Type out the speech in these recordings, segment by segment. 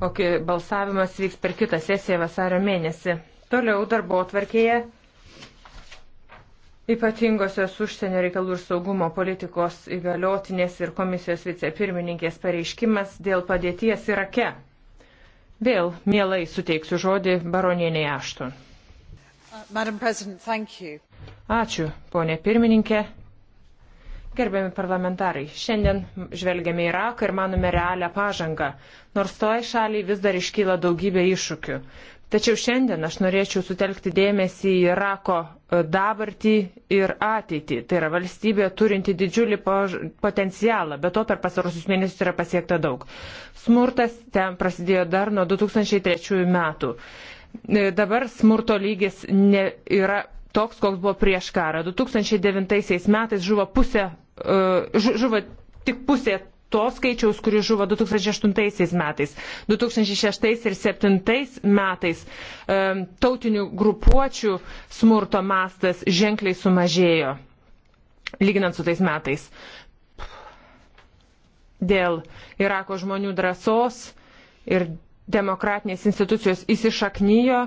O kai balsavimas vyks per kitą sesiją vasario mėnesį. Toliau darbo atvarkėje ypatingosios užsienio reikalų ir saugumo politikos įgaliotinės ir komisijos vicepirmininkės pareiškimas dėl padėties Irake. Vėl mielai suteiksiu žodį baronieniai Aštun. Ačiū, ponė pirmininkė. Gerbiami parlamentarai, šiandien žvelgiame į Iraką ir manome realią pažangą, nors toj šaliai vis dar iškyla daugybė iššūkių. Tačiau šiandien aš norėčiau sutelkti dėmesį į Irako e, dabartį ir ateitį. Tai yra valstybė turinti didžiulį potencialą, bet to per pasarosius mėnesius yra pasiekta daug. Smurtas ten prasidėjo dar nuo 2003 metų. E, dabar smurto lygis ne, yra toks, koks buvo prieš karą. 2009 metais žuvo pusė žuvo tik pusė to skaičiaus, kuris žuvo 2008 metais. 2006 ir 2007 metais tautinių grupuočių smurto mastas ženkliai sumažėjo, lyginant su tais metais. Dėl Irako žmonių drąsos ir demokratinės institucijos įsišaknyjo,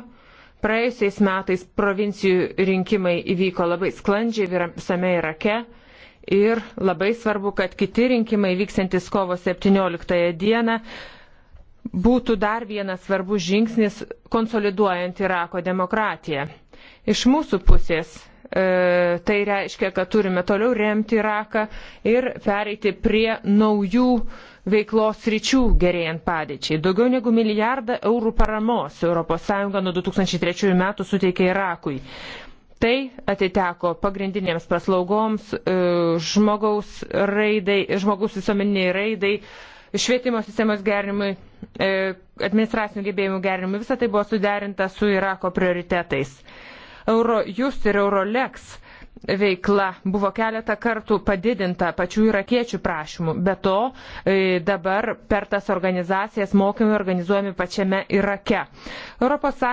praėjusiais metais provincijų rinkimai įvyko labai sklandžiai visame Irake. Ir ir labai svarbu, kad kiti rinkimai vyksantis kovo 17 dieną būtų dar vienas svarbus žingsnis konsoliduojant Irako demokratiją. Iš mūsų pusės e, tai reiškia, kad turime toliau remti Iraką ir pereiti prie naujų veiklos ryčių gerėjant padėčiai. Daugiau negu milijardą eurų paramos ES nuo 2003 metų suteikė Irakui. Tai atiteko pagrindinėms paslaugoms, e, žmogaus raidai, žmogus visuomeniniai raidai, švietimo sistemos gerinimui, e, administracinių gebėjimų gerinimui. Visą tai buvo suderinta su Irako prioritetais. Eurojust ir Eurolex veikla buvo keletą kartų padidinta pačių irakiečių prašymų. Be to, e, dabar per tas organizacijas mokymai organizuojami pačiame Irake. ES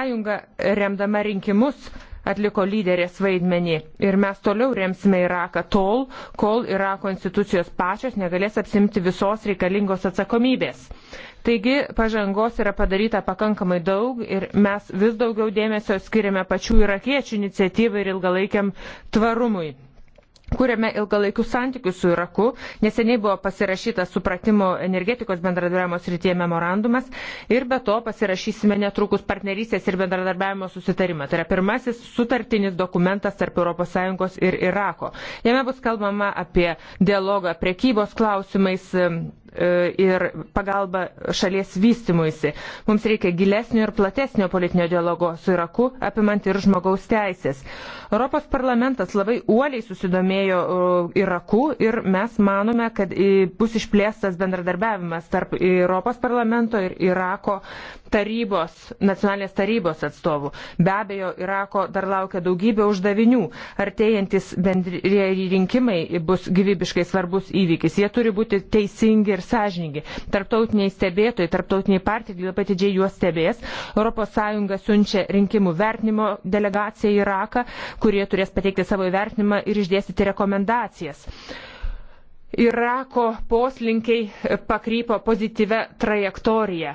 remdama rinkimus atliko lyderės vaidmenį. Ir mes toliau remsime Iraką tol, kol Irako institucijos pačios negalės apsimti visos reikalingos atsakomybės. Taigi pažangos yra padaryta pakankamai daug ir mes vis daugiau dėmesio skiriame pačių irakiečių iniciatyvai ir ilgalaikiam tvarumui. Kuriame ilgalaikius santykius su Iraku. Neseniai buvo pasirašytas supratimo energetikos bendradarbiavimo srityje memorandumas ir be to pasirašysime netrukus partnerystės ir bendradarbiavimo susitarimą. Tai yra pirmasis sutartinis dokumentas tarp ES ir Irako. Jame bus kalbama apie dialogą prekybos klausimais, E, ir pagalba šalies vystimuisi. Mums reikia gilesnio ir platesnio politinio dialogo su Iraku, apimant ir žmogaus teisės. Europos parlamentas labai uoliai susidomėjo e, Iraku ir mes manome, kad e, bus išplėstas bendradarbiavimas tarp Europos parlamento ir Irako tarybos, nacionalinės tarybos atstovų. Be abejo, Irako dar laukia daugybė uždavinių. Artėjantis bendrieji rinkimai bus gyvybiškai svarbus įvykis. Jie turi būti teisingi ir sąžiningi. Tarptautiniai stebėtojai, tarptautiniai partijai labai didžiai juos stebės. ES siunčia rinkimų vertinimo delegaciją į Iraką, kurie turės pateikti savo įvertinimą ir išdėstyti rekomendacijas. Irako poslinkiai pakrypo pozityvę trajektoriją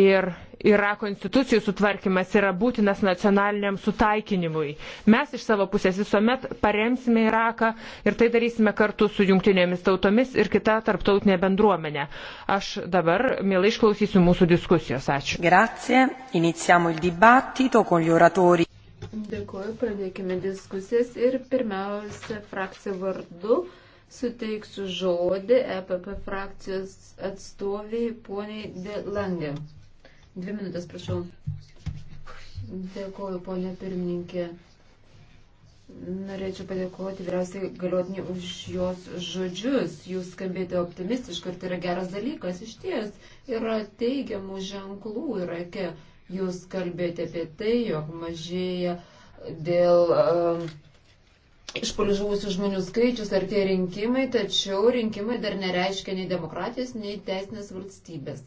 ir yra konstitucijų sutvarkymas, yra būtinas nacionaliniam sutaikinimui. Mes iš savo pusės visuomet paremsime Iraką ir tai darysime kartu su jungtinėmis tautomis ir kita tarptautinė bendruomenė. Aš dabar mielai išklausysiu mūsų diskusijos. Ačiū. Grazie. Iniziamo il dibattito con gli oratori. Dėkuoju, pradėkime diskusijas ir pirmiausia frakcija vardu suteiksiu žodį EPP frakcijos atstoviai poniai Delangė. Mm. Dvi minutės, prašau. Dėkuoju, ponė pirmininkė. Norėčiau padėkoti vyriausiai galiotinį už jos žodžius. Jūs skambėte optimistiškai ir tai yra geras dalykas. Iš ties yra teigiamų ženklų Irake. Jūs kalbėjote apie tai, jog mažėja dėl uh, išpolių žuvusių žmonių skaičius ar tie rinkimai, tačiau rinkimai dar nereiškia nei demokratijos, nei teisinės valstybės.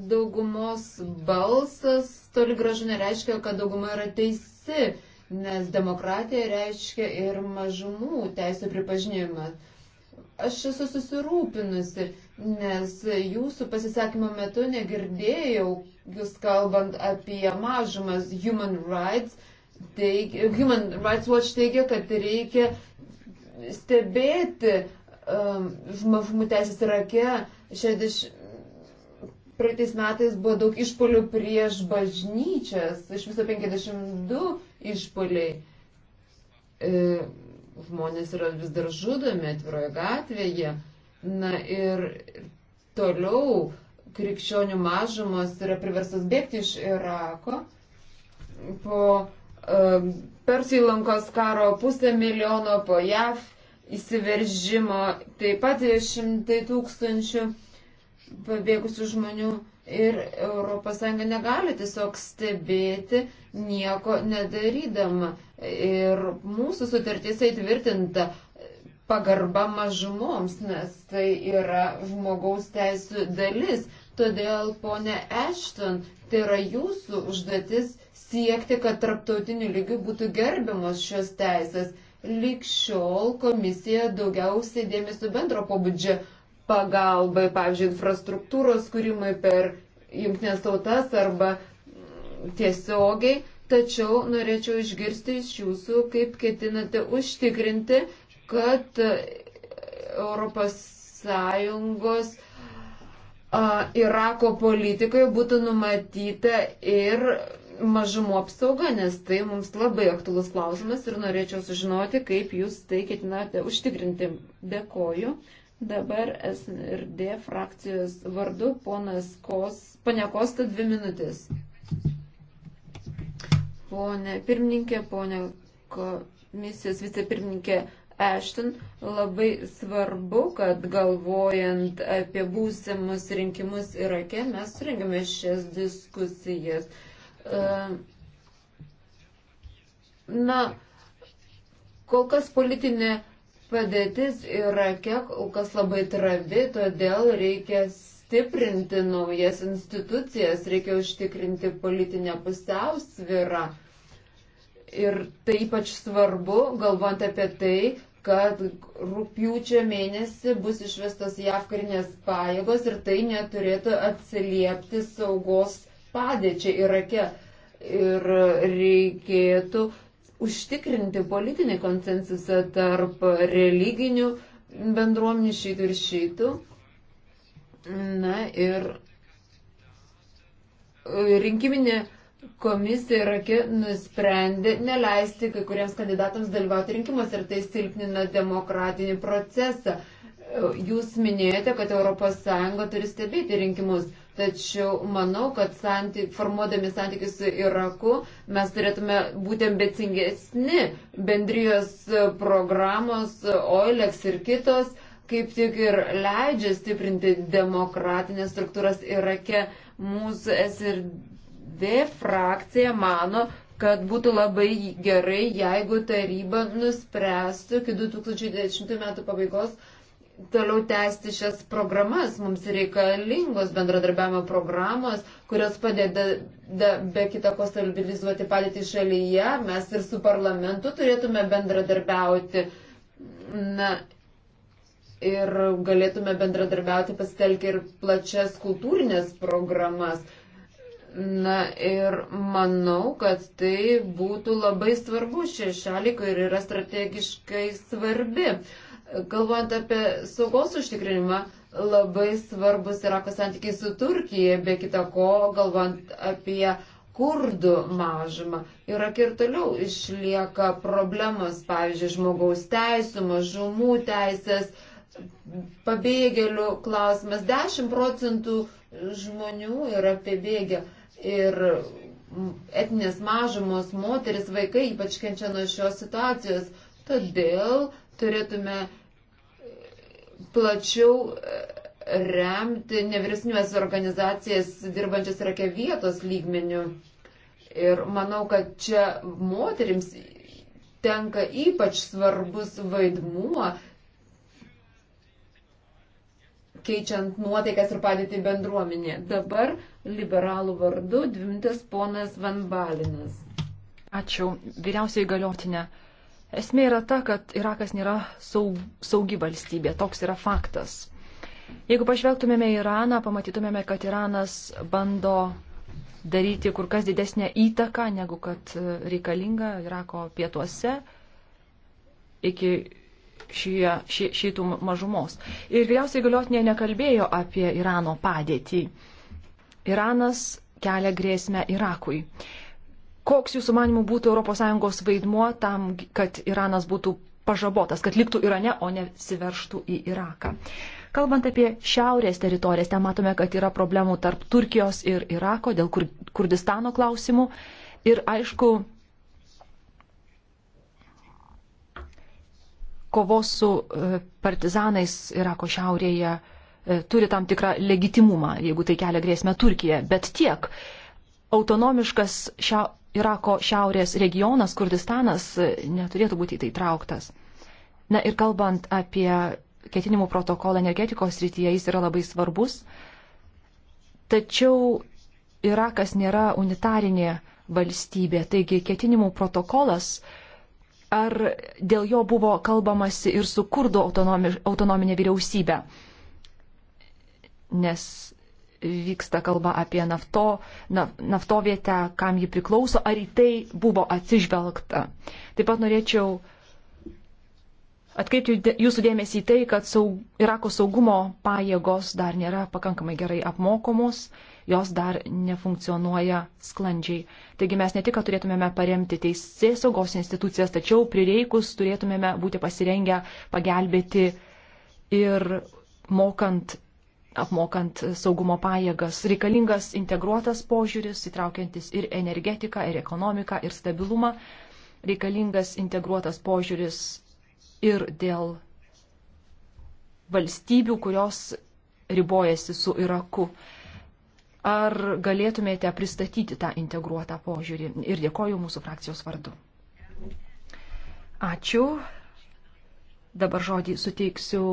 daugumos balsas toli gražu nereiškia, kad dauguma yra teisi, nes demokratija reiškia ir mažumų teisų pripažinimą. Aš esu susirūpinusi, nes jūsų pasisakymo metu negirdėjau, jūs kalbant apie mažumas Human Rights, teig, Human Rights Watch teigia, kad reikia stebėti um, žmonių teisės rake 60 praeitais metais buvo daug išpolių prieš bažnyčias, iš viso 52 išpoliai. E, žmonės yra vis dar žudomi atviroje gatvėje. Na ir toliau krikščionių mažumas yra priverstas bėgti iš Irako. Po e, Persijų lankos karo pusę milijono, po JAV įsiveržimo taip pat šimtai tūkstančių pabėgusių žmonių ir ES negali tiesiog stebėti nieko nedarydama. Ir mūsų sutartys įtvirtinta pagarba mažumoms, nes tai yra žmogaus teisų dalis. Todėl, ponė Ešton, tai yra jūsų užduotis siekti, kad tarptautiniu lygiu būtų gerbiamos šios teisės. Lik šiol komisija daugiausiai dėmesio bendro pobūdžio pagalbai, pavyzdžiui, infrastruktūros kūrimui per jungtinės tautas arba tiesiogiai, tačiau norėčiau išgirsti iš jūsų, kaip ketinate užtikrinti, kad Europos Sąjungos a, Irako politikoje būtų numatyta ir mažumo apsauga, nes tai mums labai aktuolus klausimas ir norėčiau sužinoti, kaip jūs tai ketinate užtikrinti. Dėkoju. Dabar SRD frakcijos vardu ponas Kos, ponia Kosta dvi minutės. Pone pirmininkė, ponia komisijos vicepirmininkė Ashton, labai svarbu, kad galvojant apie būsimus rinkimus Irake, mes surinkime šias diskusijas. E, na, kol kas politinė Padėtis Irake kol kas labai travi, todėl reikia stiprinti naujas institucijas, reikia užtikrinti politinę pusiausvyrą. Ir tai ypač svarbu, galvant apie tai, kad rūpjūčio mėnesį bus išvestos JAV karinės pajėgos ir tai neturėtų atsiliepti saugos padėčiai Irake. Ir reikėtų užtikrinti politinį konsensusą tarp religinių bendruomenių šytų ir šytų. Na ir e, rinkiminė komisija Irake nusprendė neleisti kai kuriems kandidatams dalyvauti rinkimuose ir tai silpnina demokratinį procesą. E, jūs minėjote, kad ES turi stebėti rinkimus. Tačiau manau, kad santy, formuodami santykius su Iraku mes turėtume būti ambicingesni bendrijos programos, OILEX ir kitos, kaip tik ir leidžia stiprinti demokratinės struktūras Irake. Mūsų SRD frakcija mano, kad būtų labai gerai, jeigu taryba nuspręstų iki 2010 metų pabaigos toliau tęsti šias programas. Mums reikalingos bendradarbiavimo programos, kurios padeda da, be kita ko stabilizuoti padėtį šalyje. Mes ir su parlamentu turėtume bendradarbiauti. Na, ir galėtume bendradarbiauti pasitelkę ir plačias kultūrinės programas. Na ir manau, kad tai būtų labai svarbu šiai šaliai, kuri yra strategiškai svarbi. Uh, Galvojant apie saugos užtikrinimą, labai svarbus yra pasantykiai su Turkija, be kita ko, galvojant apie kurdų mažumą. Irak ir toliau išlieka problemos, pavyzdžiui, žmogaus teisų, mažumų teisės, pabėgėlių klausimas. 10 procentų žmonių yra pabėgę ir etinės mažumos, moteris, vaikai ypač kenčia nuo šios situacijos. Todėl turėtume plačiau e, remti nevyriausybinės organizacijas dirbančias reikia vietos lygmenių. Ir manau, kad čia moterims tenka ypač svarbus vaidmuo, keičiant nuotaikas ir padėti bendruomenė. Dabar liberalų vardu dvimtas ponas Van Balinas. Ačiū. Vyriausiai galiotinė. Ne Esmė yra ta, kad Irakas nėra saug, saugi valstybė, toks yra faktas. Jeigu pažvelgtumėme į Iraną, pamatytumėme, kad Iranas bando daryti kur kas didesnę įtaką, negu kad reikalinga Irako pietuose iki šie, šie, šitų mažumos. Ir vyriausiai galiotinė nekalbėjo apie Irano padėtį. Iranas kelia grėsmę Irakui koks jūsų manimų būtų ES vaidmuo tam, kad Iranas būtų pažabotas, kad liktų Irane, o ne siverštų į Iraką. Kalbant apie šiaurės teritorijas, ten matome, kad yra problemų tarp Turkijos ir Irako dėl kur, Kurdistano klausimų. Ir aišku, kovos su e, partizanais Irako šiaurėje e, turi tam tikrą legitimumą, jeigu tai kelia grėsmę Turkija. Bet tiek autonomiškas šia, Irako šiaurės regionas, Kurdistanas, e, neturėtų būti į tai trauktas. Na ir kalbant apie ketinimų protokolą energetikos rytyje, jis yra labai svarbus, tačiau Irakas nėra unitarinė valstybė, taigi ketinimų protokolas, ar dėl jo buvo kalbamasi ir su kurdo autonomi, autonominė vyriausybė, nes vyksta kalba apie nafto, na, naftovietę, kam ji priklauso, ar į tai buvo atsižvelgta. Taip pat norėčiau atkreipti jūsų dėmesį į tai, kad saug, Irako saugumo pajėgos dar nėra pakankamai gerai apmokomos, jos dar nefunkcionuoja sklandžiai. Taigi mes ne tik, kad turėtumėme paremti teisės saugos institucijas, tačiau prireikus turėtumėme būti pasirengę pagelbėti ir mokant apmokant saugumo pajėgas. Reikalingas integruotas požiūris, įtraukiantis ir energetiką, ir ekonomiką, ir stabilumą. Reikalingas integruotas požiūris ir dėl valstybių, kurios ribojasi su Iraku. Ar galėtumėte pristatyti tą integruotą požiūrį? Ir dėkoju mūsų frakcijos vardu. Ačiū. Dabar žodį suteiksiu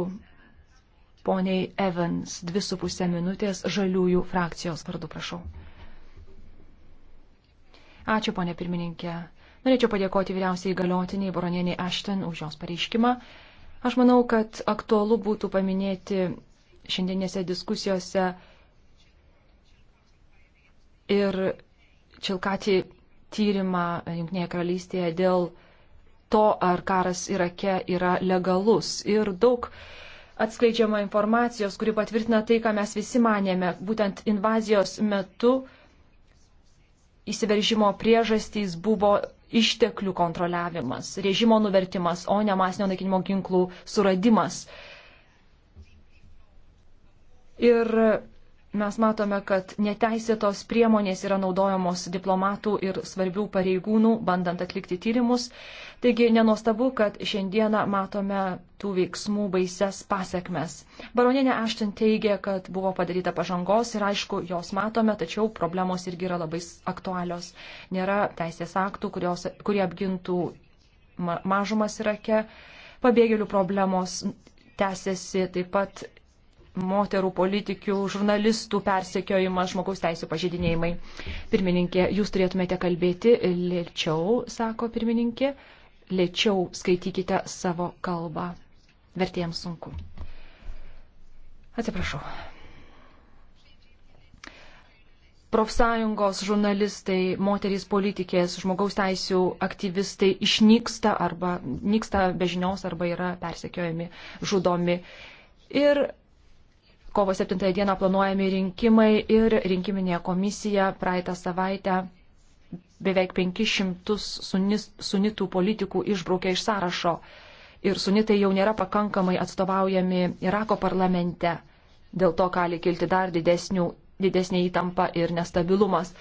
poniai Evans, dvi su pusė minutės žaliųjų frakcijos vardu, prašau. Ačiū, ponė pirmininkė. Norėčiau padėkoti vyriausiai galiotiniai Boronieniai Ashton už jos pareiškimą. Aš manau, kad aktualu būtų paminėti šiandienėse diskusijose ir Čilkati tyrimą Junktinėje karalystėje dėl to, ar karas Irake yra legalus. Ir daug uh, atskleidžiama informacijos, kuri patvirtina tai, ką mes visi manėme. Būtent invazijos metu įsiveržimo priežastys buvo išteklių kontroliavimas, režimo nuvertimas, o ne masinio naikinimo ginklų suradimas. Ir mes matome, kad neteisėtos priemonės yra naudojamos diplomatų ir svarbių pareigūnų, bandant atlikti tyrimus. Taigi nenostabu, kad šiandieną matome tų veiksmų baises pasiekmes. Baroninė Ašten teigia, kad buvo padaryta pažangos ir aišku, jos matome, tačiau problemos irgi yra labai aktualios. Nėra teisės aktų, kurios, kurie apgintų mažumas Irake. Pabėgėlių problemos tęsiasi taip pat moterų politikių, žurnalistų persekiojimas, žmogaus teisų pažydinėjimai. Pirmininkė, jūs turėtumėte kalbėti lėčiau, sako pirmininkė, lėčiau skaitykite savo kalbą. Vertėjams sunku. Atsiprašau. Profsąjungos žurnalistai, moterys politikės, žmogaus teisų aktyvistai išnyksta arba nyksta bežinios arba yra persekiojami, žudomi. Ir kovo 7 dieną planuojami rinkimai ir rinkiminė komisija praeitą savaitę beveik 500 sunis, sunitų politikų išbraukė iš sąrašo. Ir sunitai jau nėra pakankamai atstovaujami Irako parlamente. Dėl to gali kilti dar didesnių, didesnė įtampa ir nestabilumas.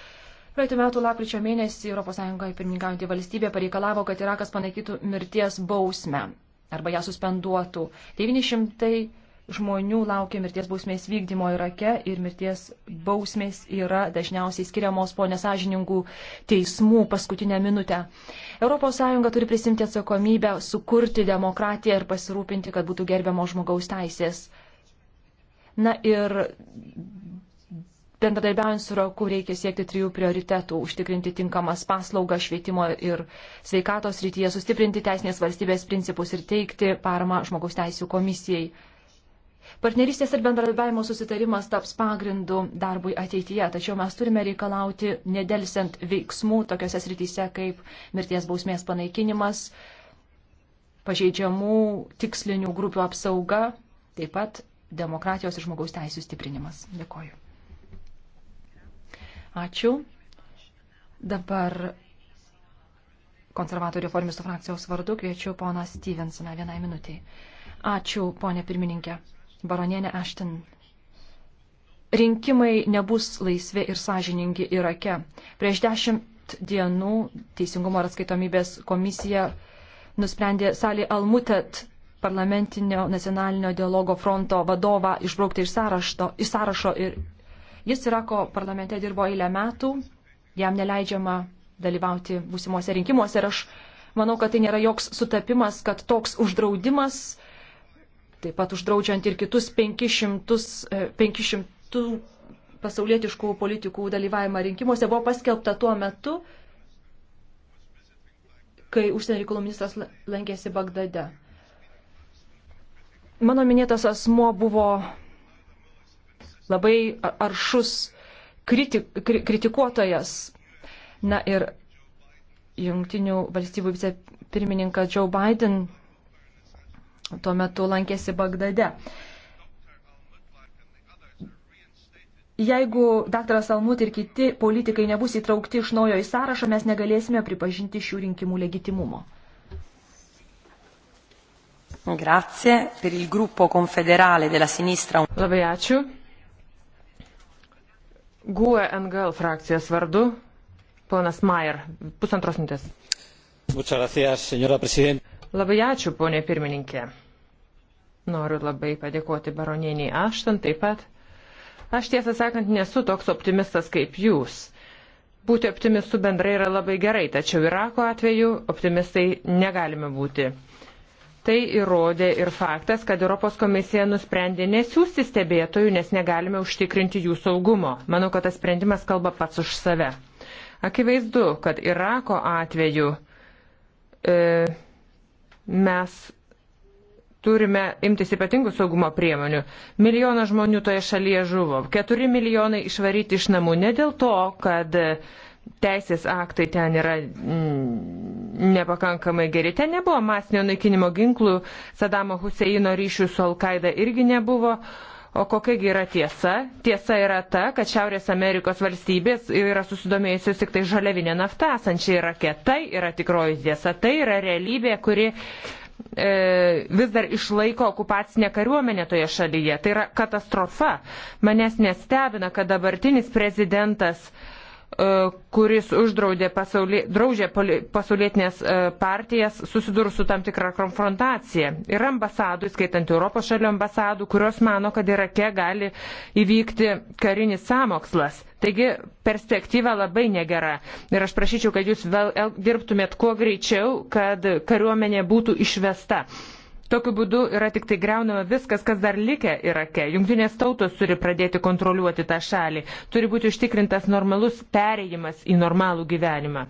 Praeitų metų lapkričio mėnesį ES pirmininkaujantį valstybę pareikalavo, kad Irakas panaikytų mirties bausmę arba ją suspenduotų. 900 žmonių laukia mirties bausmės vykdymo Irake ir mirties bausmės yra dažniausiai skiriamos po nesažiningų teismų paskutinę minutę. ES turi prisimti atsakomybę sukurti demokratiją ir pasirūpinti, kad būtų gerbiamos žmogaus teisės. Na ir bendradarbiaujant su Roku reikia siekti trijų prioritetų - užtikrinti tinkamas paslaugas švietimo ir sveikatos rytyje, sustiprinti teisinės valstybės principus ir teikti paramą žmogaus teisų komisijai. Partnerystės ir bendradarbiavimo susitarimas taps pagrindu darbui ateityje, tačiau mes turime reikalauti nedelsiant veiksmų tokiuose srityse kaip mirties bausmės panaikinimas, pažeidžiamų tikslinių grupių apsauga, taip pat demokratijos ir žmogaus teisų stiprinimas. Dėkoju. Ačiū. Dabar konservatorių reformistų frakcijos vardu kviečiu poną Stevensoną vienai minutiai. Ačiū, ponė pirmininkė baronienė Ashton. Rinkimai nebus laisvi ir sąžiningi Irake. Prieš dešimt dienų Teisingumo ir atskaitomybės komisija nusprendė Salį Almutet parlamentinio nacionalinio dialogo fronto vadovą išbraukti iš sąrašo, iš sąrašo ir jis Irako parlamente dirbo eilę metų, jam neleidžiama dalyvauti būsimuose rinkimuose ir aš manau, kad tai nėra joks sutapimas, kad toks uždraudimas taip pat uždraudžiant ir kitus 500, 500 e, pasaulietiškų politikų dalyvavimą rinkimuose, buvo paskelbta tuo metu, kai užsienio reikalų ministras lankėsi Bagdade. Mano minėtas asmo buvo labai aršus kritik, kritikuotojas. Na ir jungtinių valstybių vicepirmininkas Joe Biden tuo metu lankėsi Bagdade. Jeigu dr. Salmut ir kiti politikai nebus įtraukti iš naujo į sąrašą, mes negalėsime pripažinti šių rinkimų legitimumo. Grazie per il gruppo confederale della sinistra. Labai ačiū. GUE NGL frakcijos vardu, ponas Mayer, pusantros minutės. Muchas gracias, señora presidenta Labai ačiū, ponė pirmininkė. Noriu labai padėkoti baronieniai Ašton taip pat. Aš tiesą sakant nesu toks optimistas kaip jūs. Būti optimistu bendrai yra labai gerai, tačiau Irako atveju optimistai negalime būti. Tai įrodė ir faktas, kad Europos komisija nusprendė nesiųsti stebėtojų, nes negalime užtikrinti jų saugumo. Manau, kad tas sprendimas kalba pats už save. Akivaizdu, kad Irako atveju. E, Mes turime imtis ypatingų saugumo priemonių. Milijonas žmonių toje šalyje žuvo, keturi milijonai išvaryti iš namų ne dėl to, kad teisės aktai ten yra mm, nepakankamai geri. Ten nebuvo masinio naikinimo ginklų, Sadamo Huseino ryšių su Al-Qaeda irgi nebuvo, O kokiagi yra tiesa? Tiesa yra ta, kad Šiaurės Amerikos valstybės yra susidomėjusios tik tai žaliavinė nafta esančiai Irake. Tai yra tikroji tiesa, tai yra realybė, kuri e, vis dar išlaiko okupacinę kariuomenę toje šalyje. Tai yra katastrofa. Manęs nestebina, kad dabartinis prezidentas e, E, kuris uždraudė pasaulė, draudžia pasaulietinės e, partijas susidūrus su tam tikra konfrontacija. Yra ambasadų, skaitant Europos šalių ambasadų, kurios mano, kad Irake gali įvykti karinis samokslas. Taigi perspektyva labai negera. Ir aš prašyčiau, kad jūs vėl dirbtumėt kuo greičiau, kad kariuomenė būtų išvesta. Tokiu būdu yra tik tai greunama viskas, kas dar likę Irake. Junktinės tautos turi pradėti kontroliuoti tą šalį. Turi būti užtikrintas normalus pereimas į normalų gyvenimą.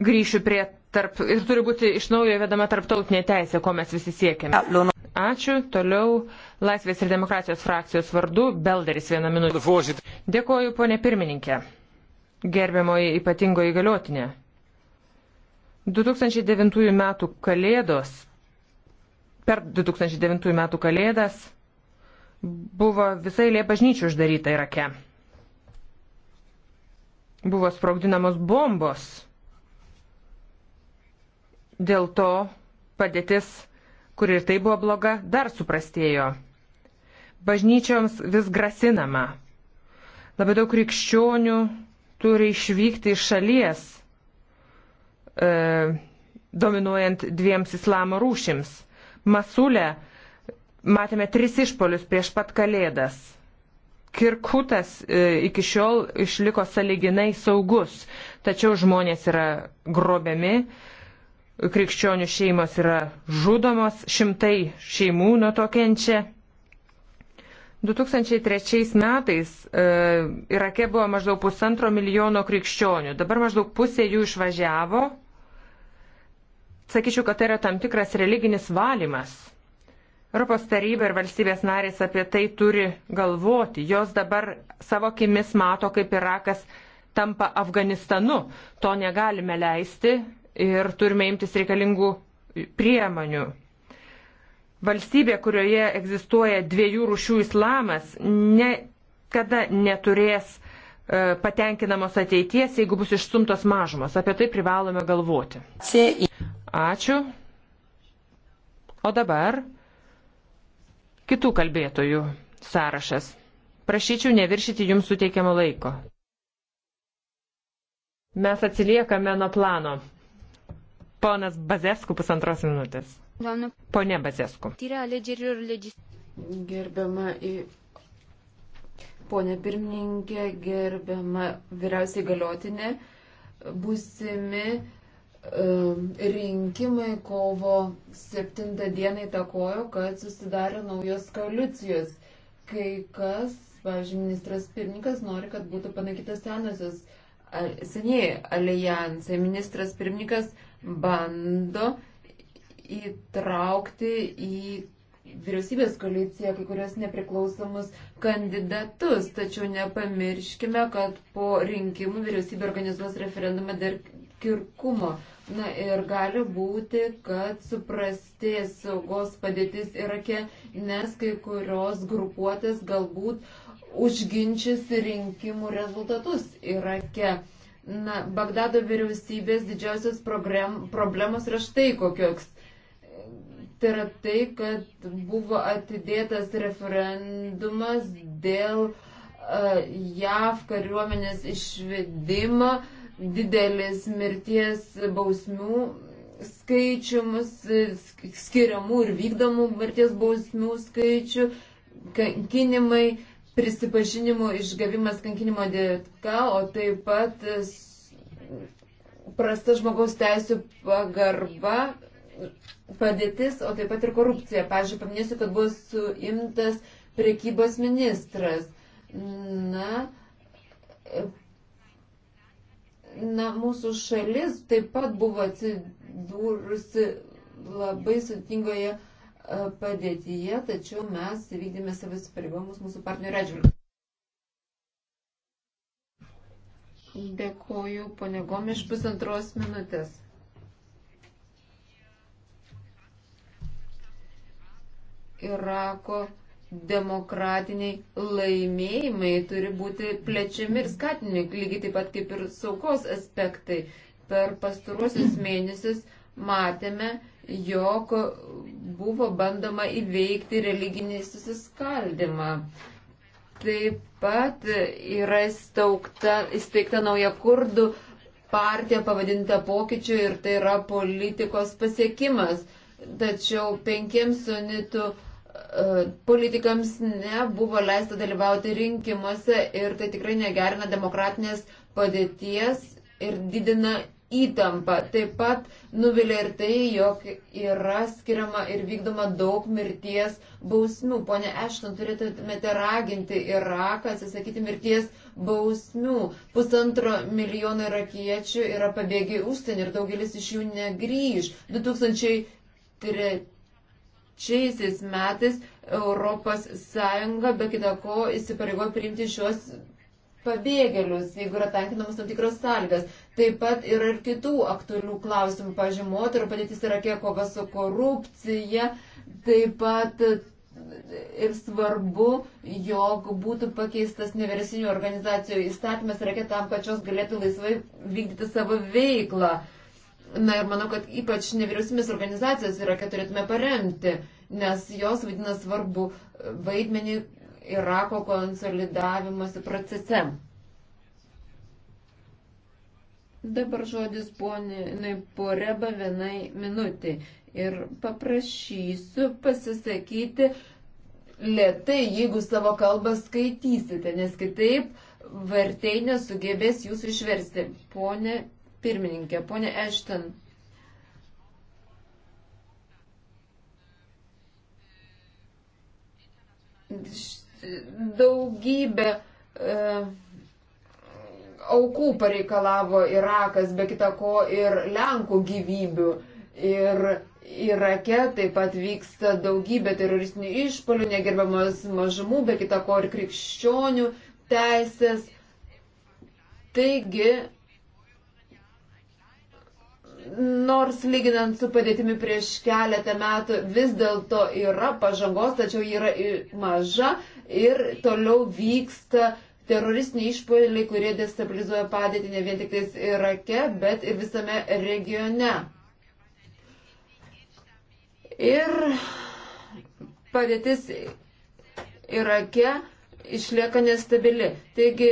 Grįšiu prie tarp. Ir turi būti iš naujo vedama tarptautinė teisė, ko mes visi siekiame. Ačiū. Toliau Laisvės ir demokratijos frakcijos vardu Belderis vieną minutę. Dėkoju, ponė pirmininkė. Gerbiamoji ypatingoji galiotinė. 2009 metų kalėdos, per 2009 metų kalėdas buvo visai lė bažnyčių uždaryta Irake. Buvo sprogdinamos bombos. Dėl to padėtis, kur ir tai buvo bloga, dar suprastėjo. Bažnyčioms vis grasinama. Labai daug krikščionių turi išvykti iš šalies E, dominuojant dviems islamo rūšims. Masulė matėme tris išpolius prieš pat kalėdas. Kirkutas e, iki šiol išliko saliginai saugus, tačiau žmonės yra grobiami, krikščionių šeimos yra žudomos, šimtai šeimų nuo to kenčia. 2003 metais e, Irake buvo maždaug pusantro milijono krikščionių, dabar maždaug pusė jų išvažiavo, Sakyčiau, kad tai yra tam tikras religinis valymas. Europos taryba ir valstybės narės apie tai turi galvoti. Jos dabar savo akimis mato, kaip Irakas tampa Afganistanu. To negalime leisti ir turime imtis reikalingų priemonių. Valstybė, kurioje egzistuoja dviejų rušių islamas, niekada neturės e, patenkinamos ateities, jeigu bus išstumtos mažumos. Apie tai privalome galvoti. Ačiū. O dabar kitų kalbėtojų sąrašas. Prašyčiau neviršyti jums suteikiamo laiko. Mes atsiliekame nuo plano. Ponas Bazesku pusantros minutės. Pone Bazesku. Gerbiama į. Pone pirmininkė, gerbiama vyriausiai galiotinė, būsimi rinkimai kovo 7 dieną įtakojo, kad susidarė naujos koalicijos. Kai kas, pavyzdžiui, ministras pirmininkas nori, kad būtų panaikytas senosios, senieji alijansai. Ministras pirmininkas bando įtraukti į vyriausybės koaliciją kai kurios nepriklausomus kandidatus. Tačiau nepamirškime, kad po rinkimų vyriausybė organizuos referendumą kirkumo. Na ir gali būti, kad suprastės saugos padėtis Irake, nes kai kurios grupuotės galbūt užginčys rinkimų rezultatus Irake. Na, Bagdado vyriausybės didžiausios problemos yra štai kokios. Tai yra tai, kad buvo atidėtas referendumas dėl uh, JAV kariuomenės išvedimo uh, didelis mirties bausmių skaičius, skiriamų ir vykdomų mirties bausmių skaičių, kankinimai, prisipažinimo išgavimas kankinimo dėka, o taip pat prasta žmogaus teisų pagarba padėtis, o taip pat ir korupcija. Pavyzdžiui, paminėsiu, kad buvo suimtas priekybos ministras. Na, na, mūsų šalis taip pat buvo atsidūrusi labai sutingoje e, padėtyje, tačiau mes vykdėme savo įsipareigojimus mūsų partnerių atžvilgiu. Dėkoju, ponė Gomiš, pusantros minutės. Irako demokratiniai laimėjimai turi būti plečiami ir skatinami, lygiai taip pat kaip ir saugos aspektai. Per pastaruosius mėnesius matėme, jog buvo bandoma įveikti religinį susiskaldimą. Taip pat yra staukta, įsteigta nauja kurdų partija pavadinta pokyčių ir tai yra politikos pasiekimas. Tačiau penkiems sunitų uh, E, politikams nebuvo leista dalyvauti rinkimuose ir tai tikrai negerina demokratinės padėties ir didina įtampą. Taip pat nuvilia ir tai, jog yra skiriama ir vykdoma daug mirties bausmių. Pone Ešton, turėtumėte raginti Iraką atsisakyti mirties bausmių. Pusantro milijono irakiečių yra pabėgę į užsienį ir daugelis iš jų negryž. 2003 2000 metais Europos Sąjunga be kitako įsipareigojo priimti šios pabėgėlius, jeigu yra tenkinamos tam tikros sąlygas. Taip pat yra ir kitų aktualių klausimų, pažiūrėjau, moterų padėtis yra kiek kova su korupcija, taip pat ir svarbu, jog būtų pakeistas nevyriausinių organizacijų įstatymas reikia tam, kad šios galėtų laisvai vykdyti savo veiklą. Uh, Na ir manau, kad ypač nevyriausybės organizacijos yra, kad turėtume paremti, nes jos vadina svarbu vaidmenį Irako konsolidavimuose procese. Dabar žodis poniai poreba vienai minutį ir paprašysiu pasisakyti lietai, jeigu savo kalbą skaitysite, nes kitaip vertėjai nesugebės jūsų išversti. Pone pirmininkė, ponė Ešten. Daugybė e, aukų pareikalavo Irakas, be kita ko ir Lenkų gyvybių. Ir Irake taip pat vyksta daugybė teroristinių išpolių, negerbiamas mažumų, be kita ko ir krikščionių teisės. Taigi, nors lyginant su padėtimi prieš keletą metų vis dėlto yra pažangos, tačiau yra maža ir toliau vyksta teroristiniai išpoliai, kurie destabilizuoja padėtį ne vien tik tais Irake, bet ir visame regione. Ir padėtis Irake išlieka nestabili. Taigi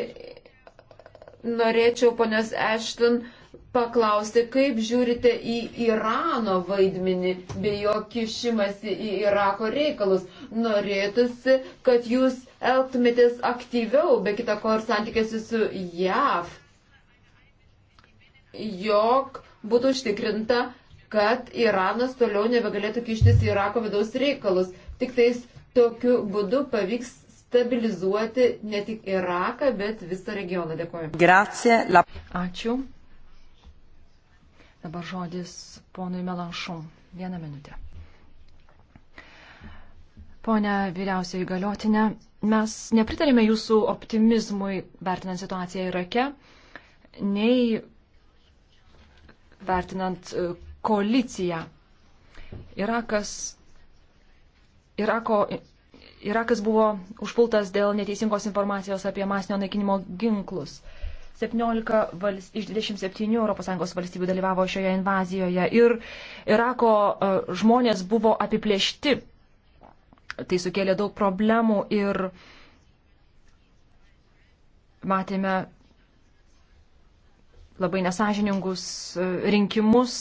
norėčiau ponios Ashton uh, paklausti, kaip žiūrite į Irano vaidmenį bei jo kišimasi į Irako reikalus. Norėtųsi, kad jūs elgtumėtės aktyviau, be kita ko ir santykėsi su JAV, jog būtų užtikrinta, kad Iranas toliau nebegalėtų kištis į Irako vidaus reikalus. Tik tais tokiu būdu pavyks stabilizuoti ne tik Iraką, bet visą regioną. Dėkuoju. Grazie, la... Ačiū. Dabar žodis ponui Melanšum. Vieną minutę. Pone vyriausiai galiotinė, mes nepritarėme jūsų optimizmui vertinant situaciją Irake, nei vertinant e, koaliciją. Irakas, Irako, Irakas buvo užpultas dėl neteisingos informacijos apie masinio naikinimo ginklus. 17 valst... iš 27 ES valstybių dalyvavo šioje invazijoje ir Irako e, žmonės buvo apiplėšti. Tai sukėlė daug problemų ir matėme labai nesažiningus e, rinkimus.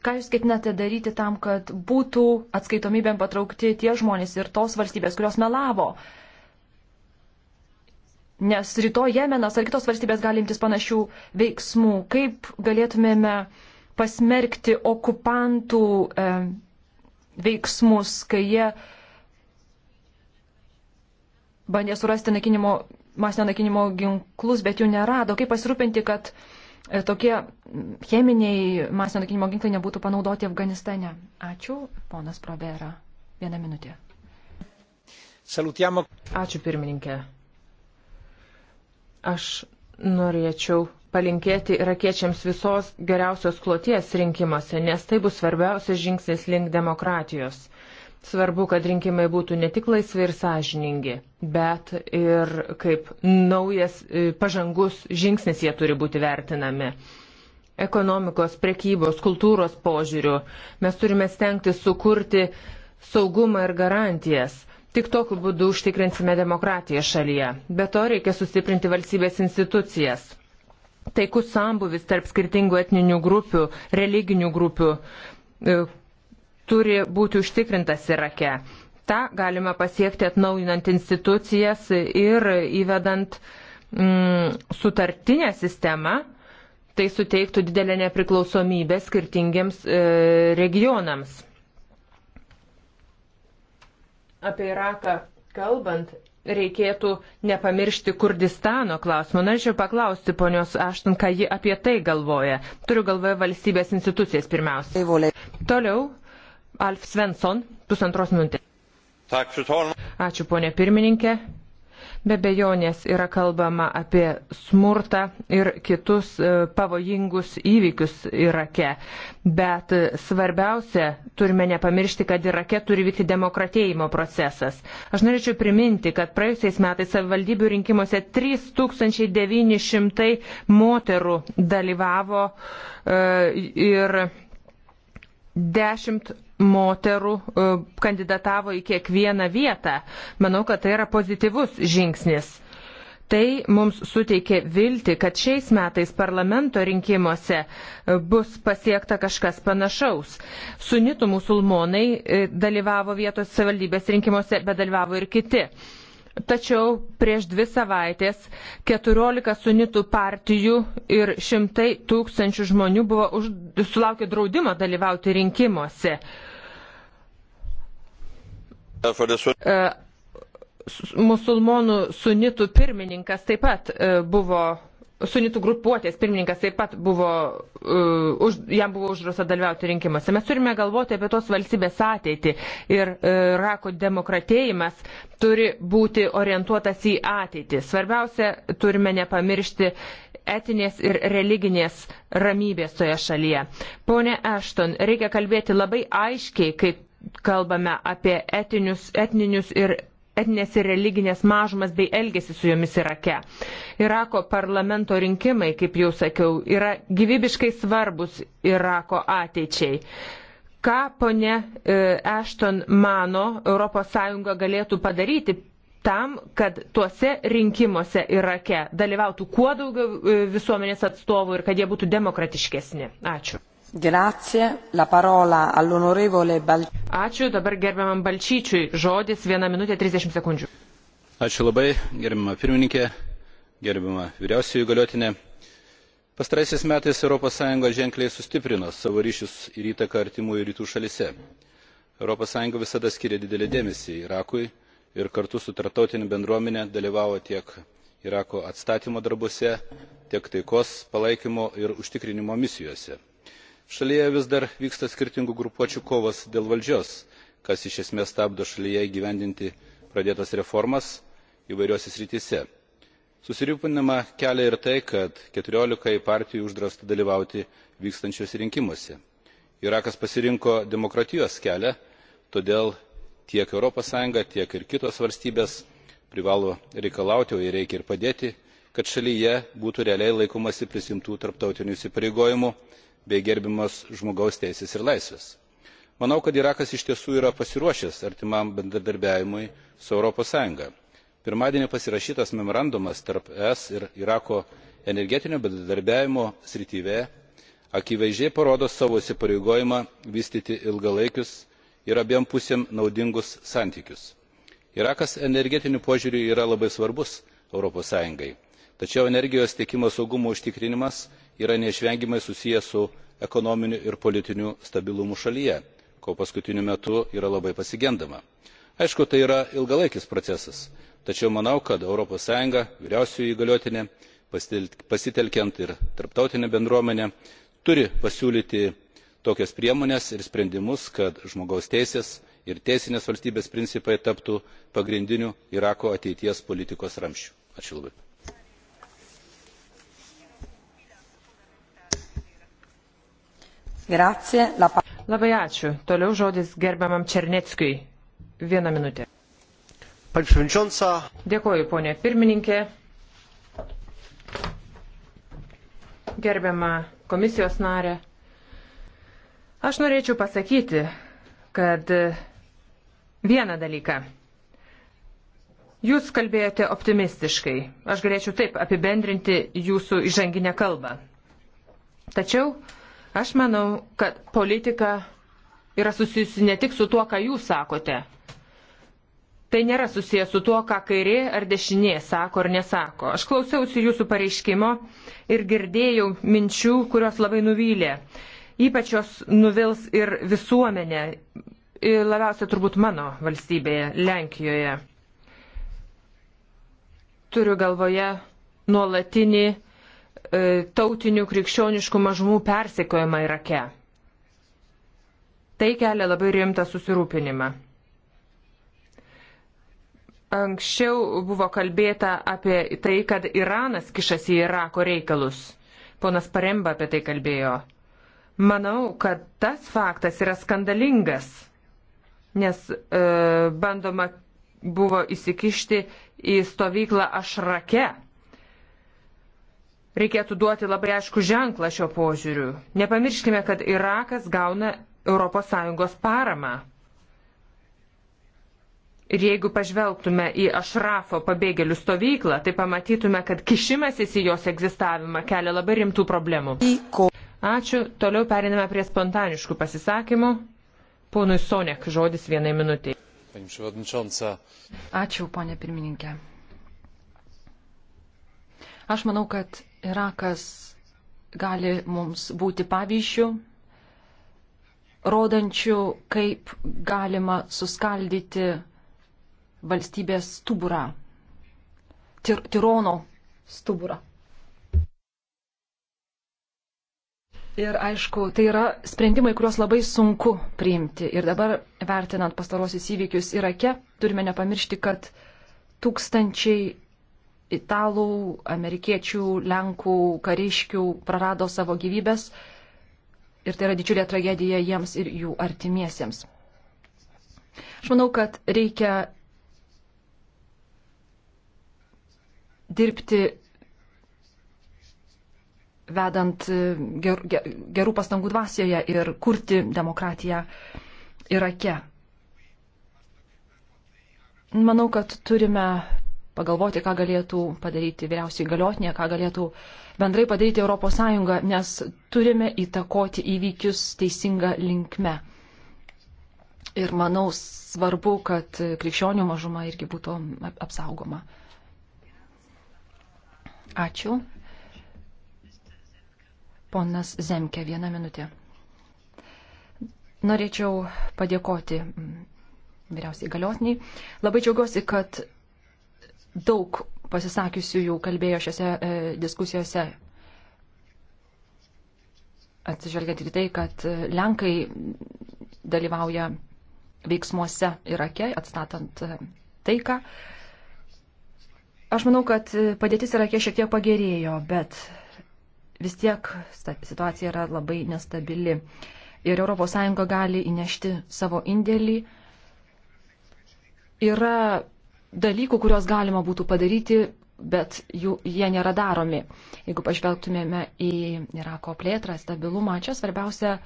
Ką jūs ketinate daryti tam, kad būtų atskaitomybėm patraukti tie žmonės ir tos valstybės, kurios melavo? Uh, nes rytoj Jemenas ar kitos valstybės gali imtis panašių veiksmų. Kaip galėtumėme pasmerkti okupantų e, veiksmus, kai jie bandė surasti nakinimo, masinio nakinimo ginklus, bet jų nerado. Kaip pasirūpinti, kad e, tokie cheminiai masinio nakinimo ginklai nebūtų panaudoti Afganistane? Ačiū, ponas Provera. Vieną minutę. Salutiamo. Ačiū pirmininkė. Aš norėčiau palinkėti irakiečiams visos geriausios kloties rinkimuose, nes tai bus svarbiausias žingsnis link demokratijos. Svarbu, kad rinkimai būtų ne tik laisvi ir sąžiningi, bet ir kaip naujas e, pažangus žingsnis jie turi būti vertinami. Ekonomikos, prekybos, kultūros požiūrių mes turime stengti sukurti saugumą ir garantijas Tik tokiu būdu užtikrinsime demokratiją šalyje. Be to reikia sustiprinti valstybės institucijas. Taikus sambuvis tarp skirtingų etninių grupių, religinių grupių e, turi būti užtikrintas Irake. Ta galima pasiekti atnaujinant institucijas ir įvedant mm, sutartinę sistemą, tai suteiktų didelę nepriklausomybę skirtingiems e, regionams apie Iraką kalbant, reikėtų nepamiršti Kurdistano klausimą. Norėčiau paklausti ponios Ašton, ką ji apie tai galvoja. Turiu galvoje valstybės institucijas pirmiausia. Toliau, Alf Svensson, pusantros minutės. Ačiū, ponė pirmininkė. Be bejonės yra kalbama apie smurtą ir kitus e, pavojingus įvykius Irake. Bet e, svarbiausia, turime nepamiršti, kad Irake turi vykti demokratėjimo procesas. Aš norėčiau priminti, kad praėjusiais metais savivaldybių rinkimuose 3900 moterų dalyvavo e, ir 10 moterų e, kandidatavo į kiekvieną vietą. Manau, kad tai yra pozityvus žingsnis. Tai mums suteikė vilti, kad šiais metais parlamento rinkimuose e, bus pasiekta kažkas panašaus. Sunitų musulmonai e, dalyvavo vietos savivaldybės rinkimuose, bet dalyvavo ir kiti. Tačiau prieš dvi savaitės 14 sunitų partijų ir šimtai tūkstančių žmonių buvo už, sulaukė draudimo dalyvauti rinkimuose. Uh, E, musulmonų sunitų pirmininkas taip pat e, buvo, sunitų grupuotės pirmininkas taip pat buvo, e, už, jam buvo uždrausta dalyvauti rinkimuose. Mes turime galvoti apie tos valstybės ateitį ir Irako demokratėjimas turi būti orientuotas į ateitį. Svarbiausia, turime nepamiršti etinės ir religinės ramybės toje šalyje. Pone Ešton, reikia kalbėti labai aiškiai, kaip kalbame apie etinius, etninius ir etinės ir religinės mažumas bei elgesi su jomis Irake. Irako parlamento rinkimai, kaip jau sakiau, yra gyvybiškai svarbus Irako ateičiai. Ką ponė e, Ashton mano, ES galėtų padaryti tam, kad tuose rinkimuose Irake dalyvautų kuo daugiau e, visuomenės atstovų ir kad jie būtų demokratiškesni? Ačiū. Ačiū dabar gerbiamam Balčyčiui. Žodis 1 minutė 30 sekundžių. Ačiū labai, gerbiamą pirmininkę, gerbiamą vyriausiųjų galiotinę. Pastaraisiais metais ES ženkliai sustiprino savo ryšius ir įtaką artimųjų rytų šalise. ES visada skiria didelį dėmesį Irakui ir kartu su tarptautinė bendruomenė dalyvavo tiek Irako atstatymo darbuose, tiek taikos palaikymo ir užtikrinimo misijose šalyje vis dar vyksta skirtingų grupuočių kovos dėl valdžios kas iš esmės stabdo šalyje įgyvendinti pradėtas reformas įvairiose srityse. susirūpinimą kelia ir tai kad keturiolika partijų uždrausta dalyvauti vykstančiuose rinkimuose. irakas pasirinko demokratijos kelią todėl tiek europos sąjunga tiek ir kitos valstybės privalo reikalauti o jei reikia ir padėti kad šalyje būtų realiai laikomasi prisiimtų tarptautinių įsipareigojimų bei gerbiamos žmogaus teisės ir laisvės. manau kad irakas iš tiesų yra pasiruošęs artimam bendradarbiavimui su europos sąjunga. pirmadienį pasirašytas memorandumas tarp es ir irako energetinio bendradarbiavimo srityje akivaizdžiai parodo savo įsipareigojimą vystyti ilgalaikius ir abiem pusėm naudingus santykius. irakas energetiniu požiūriu yra labai svarbus europos sąjungai tačiau energijos tiekimo saugumo užtikrinimas yra neišvengiamai susiję su ekonominiu ir politiniu stabilumu šalyje ko paskutiniu metu yra labai pasigendama. aišku tai yra ilgalaikis procesas tačiau manau kad europos sąjunga vyriausioji įgaliotinė pasitelkiant ir tarptautinę bendruomenę turi pasiūlyti tokias priemones ir sprendimus kad žmogaus teisės ir teisinės valstybės principai taptų pagrindiniu irako ateities politikos ramsčiu. Grazie. La... Labai ačiū. Toliau žodis gerbiamam Černeckiui. Vieną minutę. Dėkuoju, ponė pirmininkė. Gerbiama komisijos narė. Aš norėčiau pasakyti, kad vieną dalyką. Jūs kalbėjote optimistiškai. Aš galėčiau taip apibendrinti jūsų įžanginę kalbą. Tačiau Aš manau, kad politika yra susijusi ne tik su tuo, ką jūs sakote. Tai nėra susijęs su tuo, ką kairė ar dešinė sako ar nesako. Aš klausiausi jūsų pareiškimo ir girdėjau minčių, kurios labai nuvylė. Ypač jos nuvils ir visuomenė, ir labiausia turbūt mano valstybėje, Lenkijoje. Turiu galvoje nuolatinį E, tautinių krikščioniškų mažumų persekiojimą Irake. Tai kelia labai rimtą susirūpinimą. Anksčiau buvo kalbėta apie tai, kad Iranas kišasi į Irako reikalus. Ponas Paremba apie tai kalbėjo. Manau, kad tas faktas yra skandalingas, nes e, bandoma buvo įsikišti į stovyklą Ašrake reikėtų duoti labai aišku ženklą šio požiūriu. Nepamirškime, kad Irakas gauna ES paramą. Ir jeigu pažvelgtume į Ašrafo pabėgėlių stovyklą, tai pamatytume, kad kišimasis į jos egzistavimą kelia labai rimtų problemų. Ačiū. Toliau periname prie spontaniškų pasisakymų. Ponui Sonek žodis vienai minutiai. Ačiū, ponė pirmininkė. Aš manau, kad Irakas gali mums būti pavyzdžių, rodančių, kaip galima suskaldyti valstybės stuburą, tir tirono stuburą. Ir aišku, tai yra sprendimai, kuriuos labai sunku priimti. Ir dabar, vertinant pastarosius įvykius Irake, turime nepamiršti, kad tūkstančiai italų, amerikiečių, lenkų, kariškių prarado savo gyvybės ir tai yra didžiulė tragedija jiems ir jų artimiesiems. Aš manau, kad reikia dirbti vedant ger, ger, gerų pastangų dvasioje ir kurti demokratiją Irake. Manau, kad turime pagalvoti, ką galėtų padaryti vyriausiai galiotinė, ką galėtų bendrai padaryti ES, nes turime įtakoti įvykius teisinga linkme. Ir manau svarbu, kad krikščionių mažuma irgi būtų apsaugoma. Ačiū. Ponas Zemke, vieną minutę. Norėčiau padėkoti mm, vyriausiai galiotiniai. Labai džiaugiuosi, kad daug pasisakiusių jų kalbėjo šiose e, diskusijose. Atsižvelgiant į tai, kad e, Lenkai dalyvauja veiksmuose Irake, atstatant e, taiką. Aš manau, kad padėtis Irake šiek tiek pagerėjo, bet vis tiek situacija yra labai nestabili. Ir ES gali įnešti savo indėlį. Yra dalykų, kuriuos galima būtų padaryti, bet jų, jie nėra daromi. Jeigu pažvelgtumėme į Irako plėtrą, stabilumą, čia svarbiausia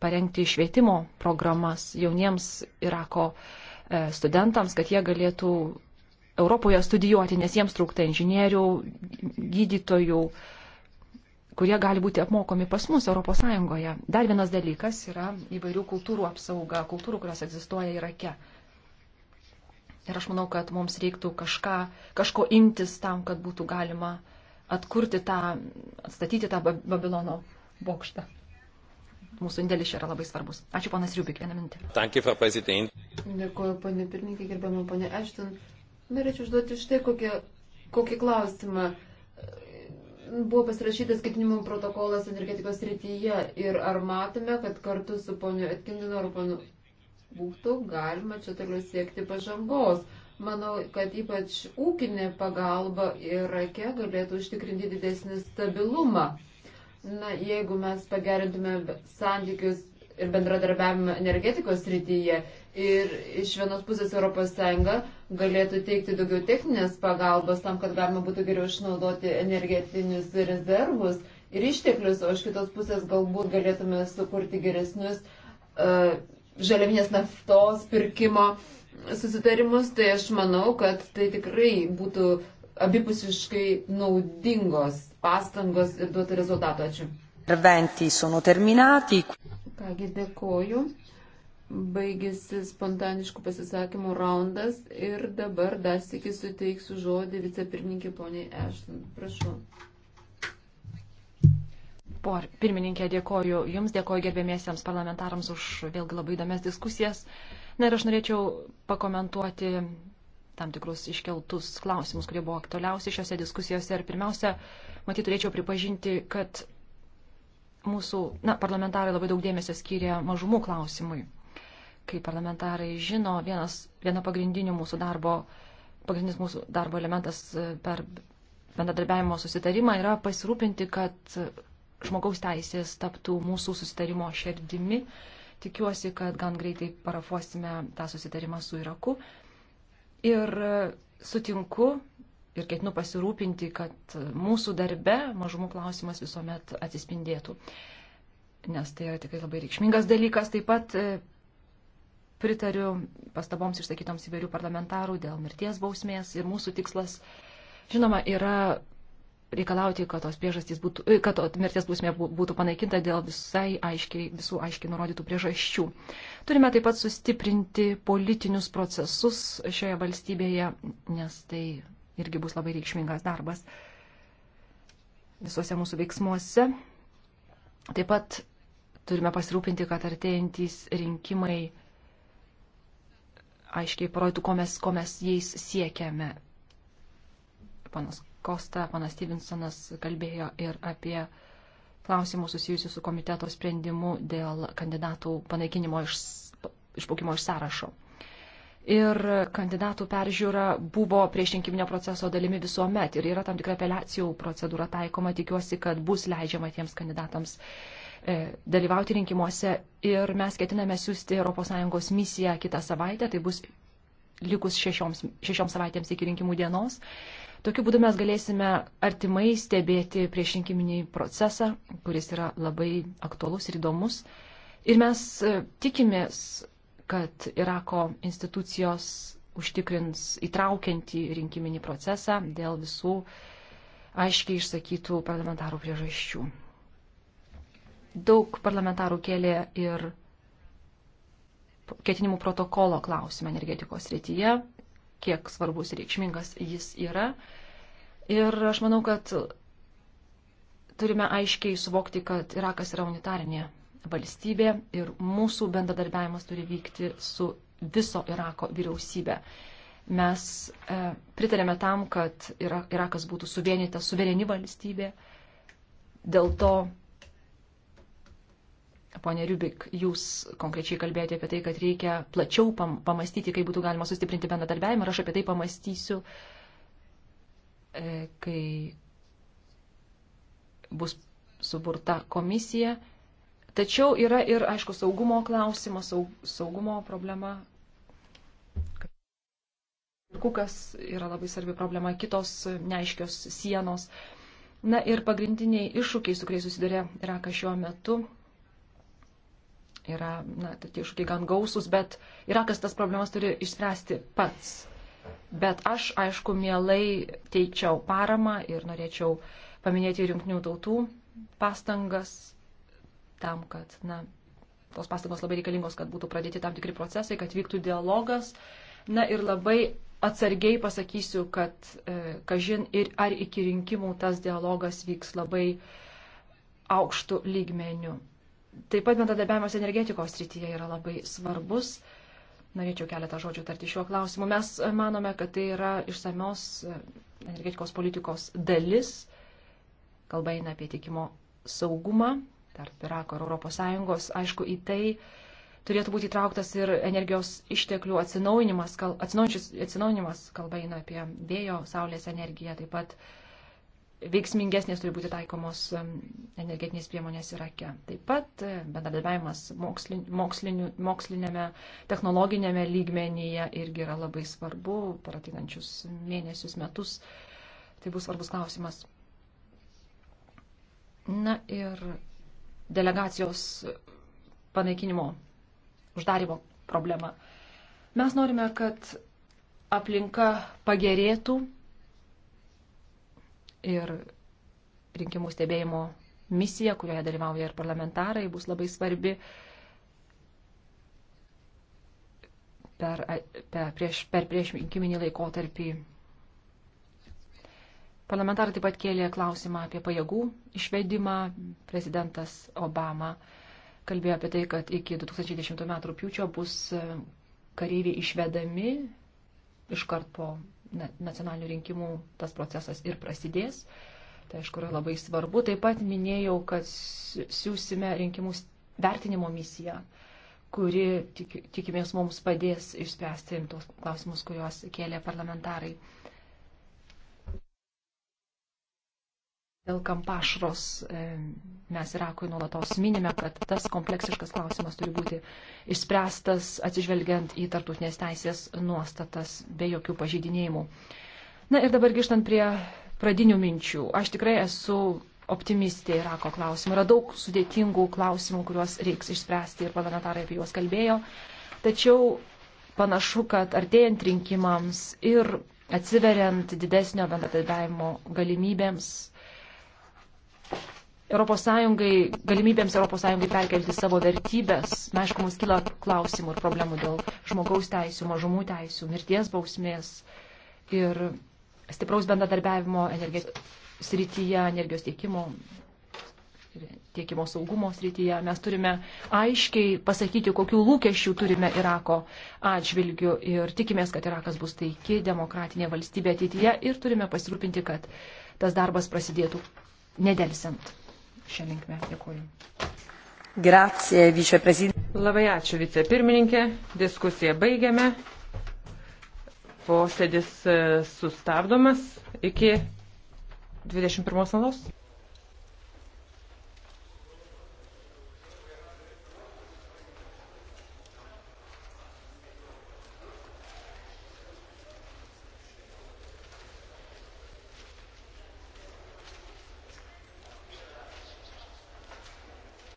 parengti švietimo programas jauniems Irako e, studentams, kad jie galėtų Europoje studijuoti, nes jiems trūkta inžinierių, gydytojų, kurie gali būti apmokomi pas mus ES. Dar vienas dalykas yra įvairių kultūrų apsauga, kultūrų, kurios egzistuoja Irake. Ir Ir aš manau, kad mums reiktų kažką, kažko imtis tam, kad būtų galima atkurti tą, atstatyti tą Babilono bokštą. Mūsų indėlis čia yra labai svarbus. Ačiū, ponas Riubik, vieną minutę. Dėkuoju, ponė pirmininkė, gerbiamą ponė Ešton. Norėčiau užduoti štai kokią, kokį klausimą. Buvo pasirašytas skaitinimo protokolas energetikos rytyje ir ar matome, kad kartu su poniu Atkininu ar ponu būtų galima čia toliau siekti pažangos. Manau, kad ypač ūkinė pagalba Irake galėtų užtikrinti didesnį stabilumą. Na, jeigu mes pagerintume santykius ir bendradarbiavimą energetikos rytyje ir iš vienos pusės ES galėtų teikti daugiau techninės pagalbos tam, kad galima būtų geriau išnaudoti energetinius rezervus ir išteklius, o iš kitos pusės galbūt galėtume sukurti geresnius uh, žaliavinės naftos pirkimo susitarimus, tai aš manau, kad tai tikrai būtų abipusiškai naudingos pastangos ir duotų rezultatų. Ačiū. Interventi sono terminati. Kągi dėkoju. Baigėsi spontaniškų pasisakymų raundas ir dabar dar sėki suteiksiu žodį vicepirmininkė poniai Ešton. Prašau. Por, pirmininkė, dėkoju Jums, dėkoju gerbėmiesiems parlamentarams už vėlgi labai įdomias diskusijas. Na ir aš norėčiau pakomentuoti tam tikrus iškeltus klausimus, kurie buvo aktualiausi šiuose diskusijose. Ir pirmiausia, matyt, turėčiau pripažinti, kad mūsų na, parlamentarai labai daug dėmesio skyrė mažumų klausimui. Kaip parlamentarai žino, vienas, viena pagrindinių mūsų darbo, pagrindinis mūsų darbo elementas per bendradarbiavimo susitarimą yra pasirūpinti, kad žmogaus teisės taptų mūsų susitarimo šerdimi. Tikiuosi, kad gan greitai parafuosime tą susitarimą su Iraku. Ir e, sutinku ir ketinu pasirūpinti, kad mūsų darbe mažumų klausimas visuomet atsispindėtų. Nes tai yra tikrai labai reikšmingas dalykas. Taip pat e, pritariu pastaboms išsakytoms įvairių parlamentarų dėl mirties bausmės ir mūsų tikslas, žinoma, yra reikalauti, kad tos priežastys būtų, e, kad mirties bausmė būtų panaikinta dėl visai aiškiai, visų aiškiai nurodytų priežasčių. Turime taip pat sustiprinti politinius procesus šioje valstybėje, nes tai irgi bus labai reikšmingas darbas visuose mūsų veiksmuose. Taip pat turime pasirūpinti, kad artėjantys rinkimai aiškiai parodytų, ko mes, ko mes jais siekiame. Panas Kosta, panas Stevensonas kalbėjo ir apie klausimų susijusių su komiteto sprendimu dėl kandidatų panaikinimo iš, išpaukimo iš sąrašo. Ir kandidatų peržiūra buvo priešrinkiminio proceso dalimi visuomet ir yra tam tikra apeliacijų procedūra taikoma. Tikiuosi, kad bus leidžiama tiems kandidatams e, dalyvauti rinkimuose ir mes ketiname siūsti ES misiją kitą savaitę, tai bus likus šešioms, šešioms savaitėms iki rinkimų dienos. Tokiu būdu mes galėsime artimai stebėti priešrinkiminį procesą, kuris yra labai aktuolus ir įdomus. Ir mes e, tikimės, kad Irako institucijos užtikrins įtraukiantį rinkiminį procesą dėl visų aiškiai išsakytų parlamentarų priežasčių. Daug parlamentarų kėlė ir ketinimų protokolo klausimą energetikos rytyje kiek svarbus ir reikšmingas jis yra. Ir aš manau, kad turime aiškiai suvokti, kad Irakas yra unitarinė valstybė ir mūsų bendradarbiavimas turi vykti su viso Irako vyriausybė. Mes e, pritarėme tam, kad Irakas būtų suvienyta suvereni valstybė. Dėl to Pone Riubik, jūs konkrečiai kalbėjote apie tai, kad reikia plačiau pam pamastyti, kaip būtų galima sustiprinti bendradarbiavimą ir aš apie tai pamastysiu, e, kai bus suburta komisija. Tačiau yra ir, aišku, saugumo klausimas, saugumo problema. Kukas yra labai svarbi problema, kitos neaiškios sienos. Na ir pagrindiniai iššūkiai, su kuriais susidarė Irakas šiuo metu yra, na, tai tie iššūkiai gan gausus, bet Irakas tas problemas turi išspręsti pats. Bet aš, aišku, mielai teikčiau paramą ir norėčiau paminėti ir jungtinių tautų pastangas tam, kad, na, tos pastangos labai reikalingos, kad būtų pradėti tam tikri procesai, kad vyktų dialogas. Na ir labai atsargiai pasakysiu, kad, e, kažin, ir ar iki rinkimų tas dialogas vyks labai aukštų lygmenių. Taip pat bendradarbiavimas energetikos srityje yra labai svarbus. Norėčiau keletą žodžių tarti šiuo klausimu. Mes manome, kad tai yra išsamios energetikos politikos dalis. Kalba eina apie tikimo saugumą tarp Irako ir Europos Sąjungos. Aišku, į tai turėtų būti įtrauktas ir energijos išteklių atsinaujinimas, kal, atsinaujinimas kalba eina apie vėjo, saulės energiją, taip pat uh, veiksmingesnės turi būti taikomos energetinės priemonės Irake. Taip pat e, bendradarbiavimas mokslinėme, technologinėme lygmenyje irgi yra labai svarbu per ateinančius mėnesius, metus. Tai bus svarbus klausimas. Na ir delegacijos panaikinimo, uždarimo problema. Mes norime, kad aplinka pagerėtų ir rinkimų stebėjimo misija, kurioje dalyvauja ir parlamentarai, bus labai svarbi per, per, prieš, per prieš rinkiminį laikotarpį. Parlamentarai taip pat kėlė klausimą apie pajėgų išvedimą. Prezidentas Obama kalbėjo apie tai, kad iki 2010 m. rūpiučio bus e, kareiviai išvedami iškart po nacionalinių rinkimų tas procesas ir prasidės. Tai aišku yra labai svarbu. Taip pat minėjau, kad siūsime rinkimų vertinimo misiją, kuri tik, tikimės mums padės išspręsti tos klausimus, kuriuos kėlė parlamentarai. Uh, Dėl kampašros e, mes Irakui nuolatos minime, kad tas kompleksiškas klausimas turi būti išspręstas atsižvelgiant į tartutinės teisės nuostatas be jokių pažydinėjimų. Na ir dabar grįžtant prie pradinių minčių. Aš tikrai esu optimistė Irako klausimų. Yra daug sudėtingų klausimų, kuriuos reiks išspręsti ir parlamentarai apie juos kalbėjo. Tačiau panašu, kad artėjant rinkimams ir atsiveriant didesnio bendradarbiavimo galimybėms, ES, galimybėms ES perkelti savo vertybės. Na, aišku, mums kyla klausimų ir problemų dėl žmogaus teisų, mažumų teisų, mirties bausmės ir stipraus bendradarbiavimo energijos srityje, energijos tiekimo tiekimo saugumo srityje. Mes turime aiškiai pasakyti, kokių lūkesčių turime Irako atžvilgių ir tikimės, kad Irakas bus taiki, demokratinė valstybė ateityje ir turime pasirūpinti, kad tas darbas prasidėtų nedelsiant šią linkmę. Dėkuoju. Grazie, viceprezidentė. Labai ačiū, vicepirmininkė. Diskusiją baigiame. Posėdis e, sustabdomas iki 21 valandos.